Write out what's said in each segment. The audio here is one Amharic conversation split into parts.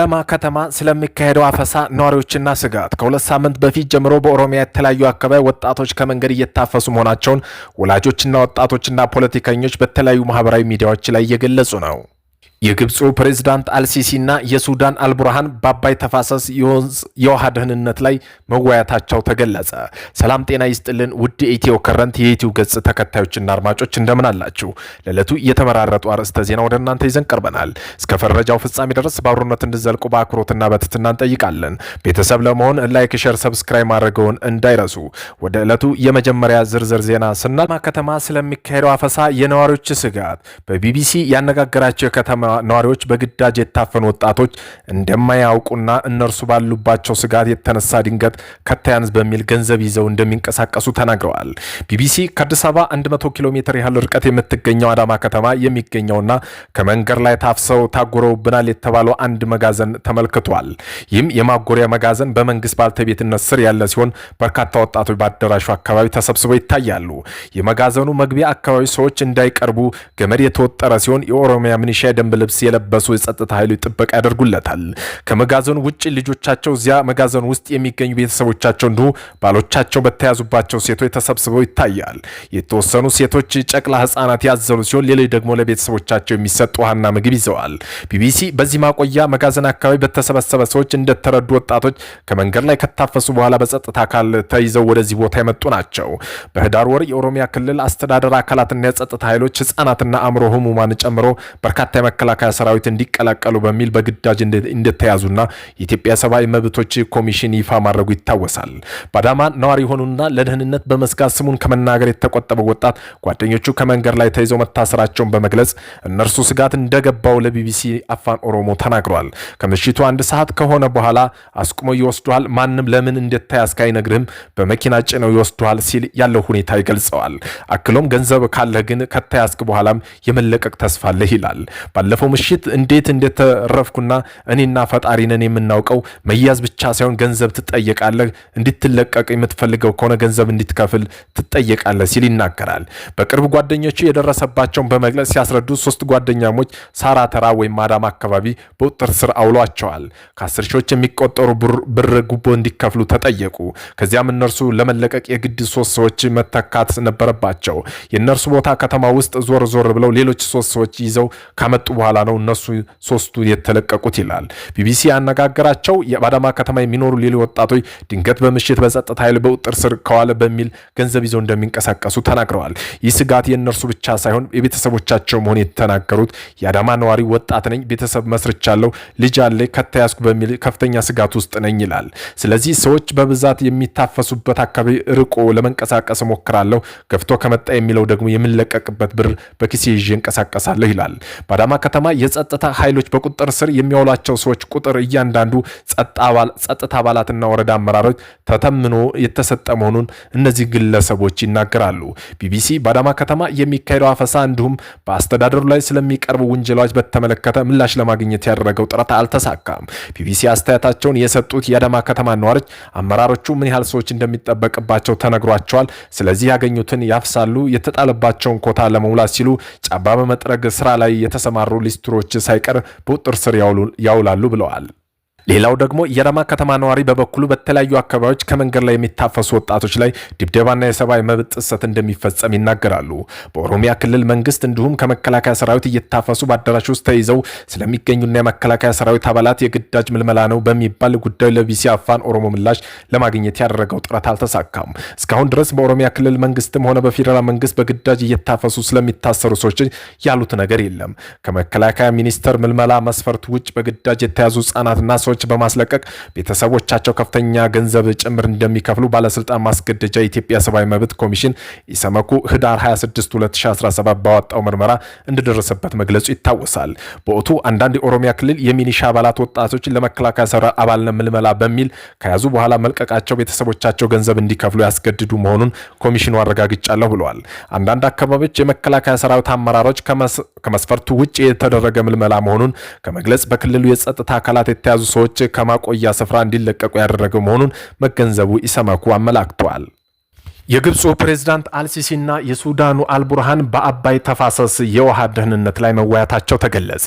በሲዳማ ከተማ ስለሚካሄደው አፈሳ ነዋሪዎችና ስጋት ከሁለት ሳምንት በፊት ጀምሮ በኦሮሚያ የተለያዩ አካባቢ ወጣቶች ከመንገድ እየታፈሱ መሆናቸውን ወላጆችና ወጣቶችና ፖለቲከኞች በተለያዩ ማህበራዊ ሚዲያዎች ላይ እየገለጹ ነው። የግብፁ ፕሬዝዳንት አልሲሲና የሱዳን አልቡርሃን በአባይ ተፋሰስ የውሃ ደህንነት ላይ መወያታቸው ተገለጸ። ሰላም ጤና ይስጥልን ውድ ኢትዮ ከረንት የዩቲዩብ ገጽ ተከታዮችና አድማጮች እንደምን አላችሁ? ለዕለቱ እየተመራረጡ አርዕስተ ዜና ወደ እናንተ ይዘን ቀርበናል። እስከ ፈረጃው ፍጻሜ ድረስ በአብሮነት እንዲዘልቁ በአክብሮትና በትትና እንጠይቃለን። ቤተሰብ ለመሆን ላይክ፣ ሸር፣ ሰብስክራይብ ማድረገውን እንዳይረሱ። ወደ ዕለቱ የመጀመሪያ ዝርዝር ዜና ስና ከተማ ስለሚካሄደው አፈሳ የነዋሪዎች ስጋት በቢቢሲ ያነጋገራቸው የከተማ ነዋሪዎች በግዳጅ የታፈኑ ወጣቶች እንደማያውቁና እነርሱ ባሉባቸው ስጋት የተነሳ ድንገት ከታያንዝ በሚል ገንዘብ ይዘው እንደሚንቀሳቀሱ ተናግረዋል። ቢቢሲ ከአዲስ አበባ 100 ኪሎ ሜትር ያህል ርቀት የምትገኘው አዳማ ከተማ የሚገኘውና ከመንገድ ላይ ታፍሰው ታጎረውብናል የተባለው አንድ መጋዘን ተመልክቷል። ይህም የማጎሪያ መጋዘን በመንግስት ባልተቤትነት ስር ያለ ሲሆን በርካታ ወጣቶች በአዳራሹ አካባቢ ተሰብስበው ይታያሉ። የመጋዘኑ መግቢያ አካባቢ ሰዎች እንዳይቀርቡ ገመድ የተወጠረ ሲሆን የኦሮሚያ ምንሻ የደንብ ልብስ የለበሱ የጸጥታ ኃይሎች ጥበቃ ያደርጉለታል። ከመጋዘኑ ውጭ ልጆቻቸው እዚያ መጋዘኑ ውስጥ የሚገኙ ቤተሰቦቻቸው እንዲሁ ባሎቻቸው በተያዙባቸው ሴቶች ተሰብስበው ይታያል። የተወሰኑ ሴቶች ጨቅላ ህጻናት ያዘሉ ሲሆን፣ ሌሎች ደግሞ ለቤተሰቦቻቸው የሚሰጥ ውሃና ምግብ ይዘዋል። ቢቢሲ በዚህ ማቆያ መጋዘን አካባቢ በተሰበሰበ ሰዎች እንደተረዱ ወጣቶች ከመንገድ ላይ ከታፈሱ በኋላ በጸጥታ አካል ተይዘው ወደዚህ ቦታ የመጡ ናቸው። በህዳር ወር የኦሮሚያ ክልል አስተዳደር አካላትና የጸጥታ ኃይሎች ህጻናትና አእምሮ ህሙማን ጨምሮ በርካታ የመከላከል መከላከያ ሰራዊት እንዲቀላቀሉ በሚል በግዳጅ እንደተያዙና የኢትዮጵያ ሰብአዊ መብቶች ኮሚሽን ይፋ ማድረጉ ይታወሳል። በአዳማ ነዋሪ የሆኑና ለደህንነት በመስጋት ስሙን ከመናገር የተቆጠበው ወጣት ጓደኞቹ ከመንገድ ላይ ተይዘው መታሰራቸውን በመግለጽ እነርሱ ስጋት እንደገባው ለቢቢሲ አፋን ኦሮሞ ተናግሯል። ከምሽቱ አንድ ሰዓት ከሆነ በኋላ አስቁመው ይወስዱሃል፣ ማንም ለምን እንደተያዝክ አይነግርህም፣ በመኪና ጭነው ይወስዱሃል ሲል ያለው ሁኔታ ይገልጸዋል። አክሎም ገንዘብ ካለህ ግን ከተያዝክ በኋላም የመለቀቅ ተስፋ አለህ ይላል። ባለፈው ምሽት እንዴት እንደተረፍኩና እኔና ፈጣሪ ነን የምናውቀው። መያዝ ብቻ ሳይሆን ገንዘብ ትጠየቃለህ፣ እንድትለቀቅ የምትፈልገው ከሆነ ገንዘብ እንድትከፍል ትጠየቃለህ ሲል ይናገራል። በቅርብ ጓደኞቹ የደረሰባቸውን በመግለጽ ሲያስረዱ ሶስት ጓደኛሞች ሳራ ተራ ወይም ማዳማ አካባቢ በቁጥጥር ስር አውሏቸዋል። ከአስር ሺዎች የሚቆጠሩ ብር ጉቦ እንዲከፍሉ ተጠየቁ። ከዚያም እነርሱ ለመለቀቅ የግድ ሶስት ሰዎች መተካት ነበረባቸው። የእነርሱ ቦታ ከተማ ውስጥ ዞር ዞር ብለው ሌሎች ሶስት ሰዎች ይዘው ከመጡ በኋላ በኋላ ነው እነሱ ሶስቱ የተለቀቁት ይላል። ቢቢሲ ያነጋገራቸው በአዳማ ከተማ የሚኖሩ ሌሎች ወጣቶች ድንገት በምሽት በጸጥታ ኃይል በቁጥጥር ስር ከዋለ በሚል ገንዘብ ይዘው እንደሚንቀሳቀሱ ተናግረዋል። ይህ ስጋት የእነርሱ ብቻ ሳይሆን የቤተሰቦቻቸው መሆን የተናገሩት የአዳማ ነዋሪ ወጣት ነኝ፣ ቤተሰብ መስርቻለሁ፣ ልጅ አለ፣ ከተያዝኩ በሚል ከፍተኛ ስጋት ውስጥ ነኝ ይላል። ስለዚህ ሰዎች በብዛት የሚታፈሱበት አካባቢ ርቆ ለመንቀሳቀስ እሞክራለሁ። ገፍቶ ከመጣ የሚለው ደግሞ የምንለቀቅበት ብር በኪሴ ይዤ እንቀሳቀሳለሁ ይላል። በአዳማ ከተማ የጸጥታ ኃይሎች በቁጥጥር ስር የሚያውላቸው ሰዎች ቁጥር እያንዳንዱ ጸጥታ አባላትና ወረዳ አመራሮች ተተምኖ የተሰጠ መሆኑን እነዚህ ግለሰቦች ይናገራሉ። ቢቢሲ በአዳማ ከተማ የሚካሄደው አፈሳ እንዲሁም በአስተዳደሩ ላይ ስለሚቀርቡ ውንጀላዎች በተመለከተ ምላሽ ለማግኘት ያደረገው ጥረት አልተሳካም። ቢቢሲ አስተያየታቸውን የሰጡት የአዳማ ከተማ ነዋሪዎች አመራሮቹ ምን ያህል ሰዎች እንደሚጠበቅባቸው ተነግሯቸዋል። ስለዚህ ያገኙትን ያፍሳሉ። የተጣለባቸውን ኮታ ለመሙላት ሲሉ ጫባ በመጥረግ ስራ ላይ የተሰማሩ ሊስትሮች ሳይቀር በቁጥጥር ስር ያውላሉ ብለዋል። ሌላው ደግሞ የረማ ከተማ ነዋሪ በበኩሉ በተለያዩ አካባቢዎች ከመንገድ ላይ የሚታፈሱ ወጣቶች ላይ ድብደባና የሰብአዊ መብት ጥሰት እንደሚፈጸም ይናገራሉ። በኦሮሚያ ክልል መንግስት እንዲሁም ከመከላከያ ሰራዊት እየታፈሱ በአዳራሽ ውስጥ ተይዘው ስለሚገኙና የመከላከያ ሰራዊት አባላት የግዳጅ ምልመላ ነው በሚባል ጉዳዩ ለቢሲ አፋን ኦሮሞ ምላሽ ለማግኘት ያደረገው ጥረት አልተሳካም። እስካሁን ድረስ በኦሮሚያ ክልል መንግስትም ሆነ በፌዴራል መንግስት በግዳጅ እየታፈሱ ስለሚታሰሩ ሰዎች ያሉት ነገር የለም። ከመከላከያ ሚኒስቴር ምልመላ መስፈርት ውጭ በግዳጅ የተያዙ ህጻናትና ሰዎች በማስለቀቅ ቤተሰቦቻቸው ከፍተኛ ገንዘብ ጭምር እንደሚከፍሉ ባለስልጣን ማስገደጃ የኢትዮጵያ ሰብአዊ መብት ኮሚሽን ኢሰመኩ ህዳር 26 2017 ባወጣው ምርመራ እንደደረሰበት መግለጹ ይታወሳል። በወቅቱ አንዳንድ የኦሮሚያ ክልል የሚኒሻ አባላት ወጣቶችን ለመከላከያ ሰራዊት አባልነ ምልመላ በሚል ከያዙ በኋላ መልቀቃቸው ቤተሰቦቻቸው ገንዘብ እንዲከፍሉ ያስገድዱ መሆኑን ኮሚሽኑ አረጋግጫለሁ ብለዋል። አንዳንድ አካባቢዎች የመከላከያ ሰራዊት አመራሮች ከመስፈርቱ ውጭ የተደረገ ምልመላ መሆኑን ከመግለጽ በክልሉ የጸጥታ አካላት የተያዙ ሰዎች ሰዎች ከማቆያ ስፍራ እንዲለቀቁ ያደረገ መሆኑን መገንዘቡ ኢሰመኮ አመላክተዋል። የግብፁ ፕሬዝዳንት አልሲሲና የሱዳኑ አልቡርሃን በአባይ ተፋሰስ የውሃ ደህንነት ላይ መወያታቸው ተገለጸ።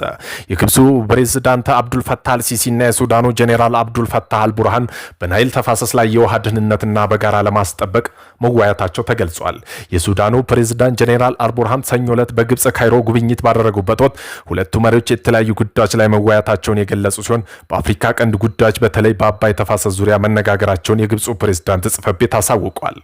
የግብፁ ፕሬዝዳንት አብዱልፈታህ አልሲሲና የሱዳኑ ጄኔራል አብዱልፈታህ አልቡርሃን በናይል ተፋሰስ ላይ የውሃ ደህንነትና በጋራ ለማስጠበቅ መወያታቸው ተገልጿል። የሱዳኑ ፕሬዝዳንት ጄኔራል አልቡርሃን ሰኞ ዕለት በግብፅ ካይሮ ጉብኝት ባደረጉበት ወቅት ሁለቱ መሪዎች የተለያዩ ጉዳዮች ላይ መወያታቸውን የገለጹ ሲሆን በአፍሪካ ቀንድ ጉዳዮች በተለይ በአባይ ተፋሰስ ዙሪያ መነጋገራቸውን የግብፁ ፕሬዝዳንት ጽፈት ቤት አሳውቋል።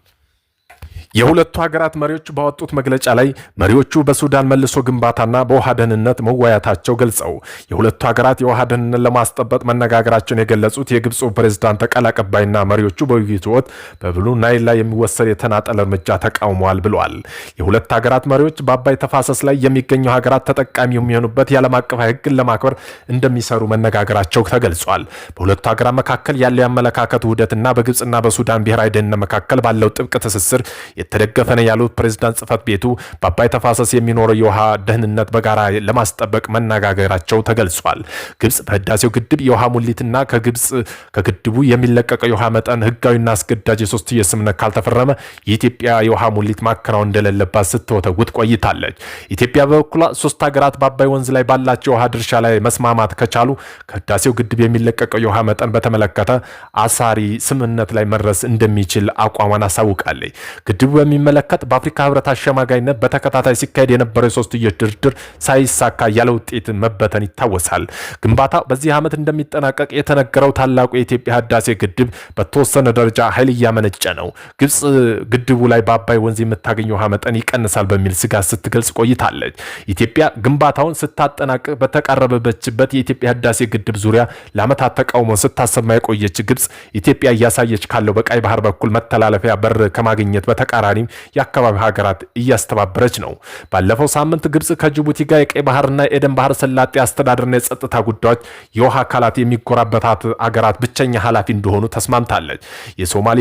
የሁለቱ ሀገራት መሪዎች ባወጡት መግለጫ ላይ መሪዎቹ በሱዳን መልሶ ግንባታና በውሃ ደህንነት መወያየታቸው ገልጸው የሁለቱ ሀገራት የውሃ ደህንነት ለማስጠበቅ መነጋገራቸውን የገለጹት የግብፁ ፕሬዝዳንት ቃል አቀባይና መሪዎቹ በውይይቱ ወቅት በብሉ ናይል ላይ የሚወሰድ የተናጠል እርምጃ ተቃውመዋል ብለዋል። የሁለት ሀገራት መሪዎች በአባይ ተፋሰስ ላይ የሚገኙ ሀገራት ተጠቃሚ የሚሆኑበት የዓለም አቀፍ ሕግን ለማክበር እንደሚሰሩ መነጋገራቸው ተገልጿል። በሁለቱ ሀገራት መካከል ያለው የአመለካከት ውህደትና በግብፅና በሱዳን ብሔራዊ ደህንነት መካከል ባለው ጥብቅ ትስስር የተደገፈ ነው ያሉት ፕሬዝዳንት ጽህፈት ቤቱ በአባይ ተፋሰስ የሚኖረው የውሃ ደህንነት በጋራ ለማስጠበቅ መነጋገራቸው ተገልጿል። ግብጽ በህዳሴው ግድብ የውሃ ሙሊትና ከግብጽ ከግድቡ የሚለቀቀው የውሃ መጠን ህጋዊና አስገዳጅ የሶስትዮሽ ስምምነት ካልተፈረመ የኢትዮጵያ የውሃ ሙሊት ማከናወን እንደሌለባት ስትወተውት ቆይታለች። ኢትዮጵያ በበኩሏ ሶስት ሀገራት በአባይ ወንዝ ላይ ባላቸው የውሃ ድርሻ ላይ መስማማት ከቻሉ ከህዳሴው ግድብ የሚለቀቀው የውሃ መጠን በተመለከተ አሳሪ ስምምነት ላይ መድረስ እንደሚችል አቋሟን አሳውቃለች። ግድቡ ግድቡ በሚመለከት በአፍሪካ ህብረት አሸማጋይነት በተከታታይ ሲካሄድ የነበረው የሶስትዮሽ ድርድር ሳይሳካ ያለ ውጤት መበተን ይታወሳል። ግንባታው በዚህ ዓመት እንደሚጠናቀቅ የተነገረው ታላቁ የኢትዮጵያ ህዳሴ ግድብ በተወሰነ ደረጃ ኃይል እያመነጨ ነው። ግብፅ ግድቡ ላይ በአባይ ወንዝ የምታገኘው ውሃ መጠን ይቀንሳል በሚል ስጋት ስትገልጽ ቆይታለች። ኢትዮጵያ ግንባታውን ስታጠናቅቅ በተቃረበበችበት የኢትዮጵያ ህዳሴ ግድብ ዙሪያ ለዓመታት ተቃውሞ ስታሰማ የቆየች ግብጽ ኢትዮጵያ እያሳየች ካለው በቀይ ባህር በኩል መተላለፊያ በር ከማግኘት በተቃ በተቃራኒ የአካባቢ ሀገራት እያስተባበረች ነው። ባለፈው ሳምንት ግብጽ ከጅቡቲ ጋር የቀይ ባህርና የኤደን ባህር ሰላጤ አስተዳደርና የጸጥታ ጉዳዮች የውሃ አካላት የሚጎራበታት አገራት ብቸኛ ኃላፊ እንደሆኑ ተስማምታለች። የሶማሌ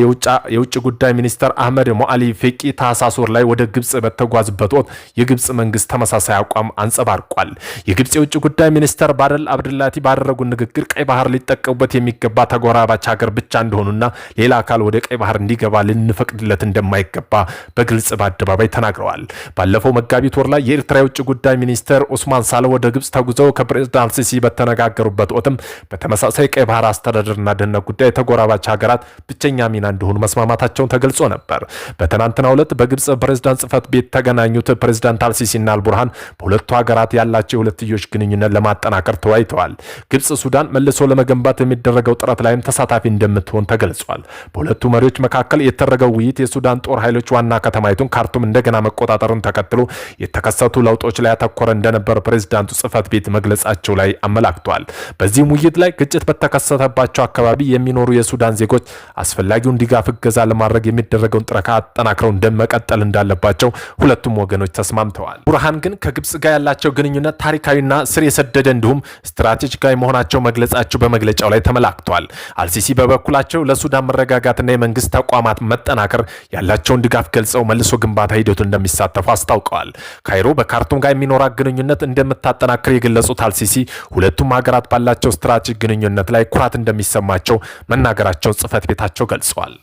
የውጭ ጉዳይ ሚኒስትር አህመድ ሞአሊ ፌቂ ታህሳስ ወር ላይ ወደ ግብጽ በተጓዝበት ወቅት የግብጽ መንግስት ተመሳሳይ አቋም አንጸባርቋል። የግብጽ የውጭ ጉዳይ ሚኒስትር ባደል አብድላቲ ባደረጉ ንግግር ቀይ ባህር ሊጠቀሙበት የሚገባ ተጎራባች ሀገር ብቻ እንደሆኑና ሌላ አካል ወደ ቀይ ባህር እንዲገባ ልንፈቅድለት እንደማይገባ እንደሚገባ በግልጽ በአደባባይ ተናግረዋል። ባለፈው መጋቢት ወር ላይ የኤርትራ የውጭ ጉዳይ ሚኒስትር ኡስማን ሳለ ወደ ግብፅ ተጉዘው ከፕሬዝዳንት ሲሲ በተነጋገሩበት ወቅትም በተመሳሳይ ቀይ ባህር አስተዳደርና ደህንነት ጉዳይ የተጎራባች ሀገራት ብቸኛ ሚና እንደሆኑ መስማማታቸውን ተገልጾ ነበር። በትናንትናው ዕለት በግብፅ ፕሬዝዳንት ጽህፈት ቤት የተገናኙት ፕሬዝዳንት አልሲሲና አልቡርሃን በሁለቱ ሀገራት ያላቸው የሁለትዮሽ ግንኙነት ለማጠናከር ተወያይተዋል። ግብፅ ሱዳን መልሶ ለመገንባት የሚደረገው ጥረት ላይም ተሳታፊ እንደምትሆን ተገልጿል። በሁለቱ መሪዎች መካከል የተደረገው ውይይት የሱዳን ጦር ኃይሎች ኃይሎች ዋና ከተማይቱን ካርቱም እንደገና መቆጣጠሩን ተከትሎ የተከሰቱ ለውጦች ላይ ያተኮረ እንደነበረ ፕሬዚዳንቱ ጽህፈት ቤት መግለጻቸው ላይ አመላክቷል። በዚህም ውይይት ላይ ግጭት በተከሰተባቸው አካባቢ የሚኖሩ የሱዳን ዜጎች አስፈላጊውን ድጋፍ እገዛ ለማድረግ የሚደረገውን ጥረካ አጠናክረው እንደመቀጠል እንዳለባቸው ሁለቱም ወገኖች ተስማምተዋል። ቡርሃን ግን ከግብጽ ጋር ያላቸው ግንኙነት ታሪካዊና ስር የሰደደ እንዲሁም ስትራቴጂካዊ መሆናቸው መግለጻቸው በመግለጫው ላይ ተመላክቷል። አልሲሲ በበኩላቸው ለሱዳን መረጋጋትና የመንግስት ተቋማት መጠናከር ያላቸውን ድጋፍ ገልጸው መልሶ ግንባታ ሂደቱ እንደሚሳተፉ አስታውቀዋል። ካይሮ በካርቱም ጋር የሚኖራት ግንኙነት እንደምታጠናክር የገለጹት አልሲሲ ሁለቱም ሀገራት ባላቸው ስትራቴጂክ ግንኙነት ላይ ኩራት እንደሚሰማቸው መናገራቸውን ጽህፈት ቤታቸው ገልጸዋል።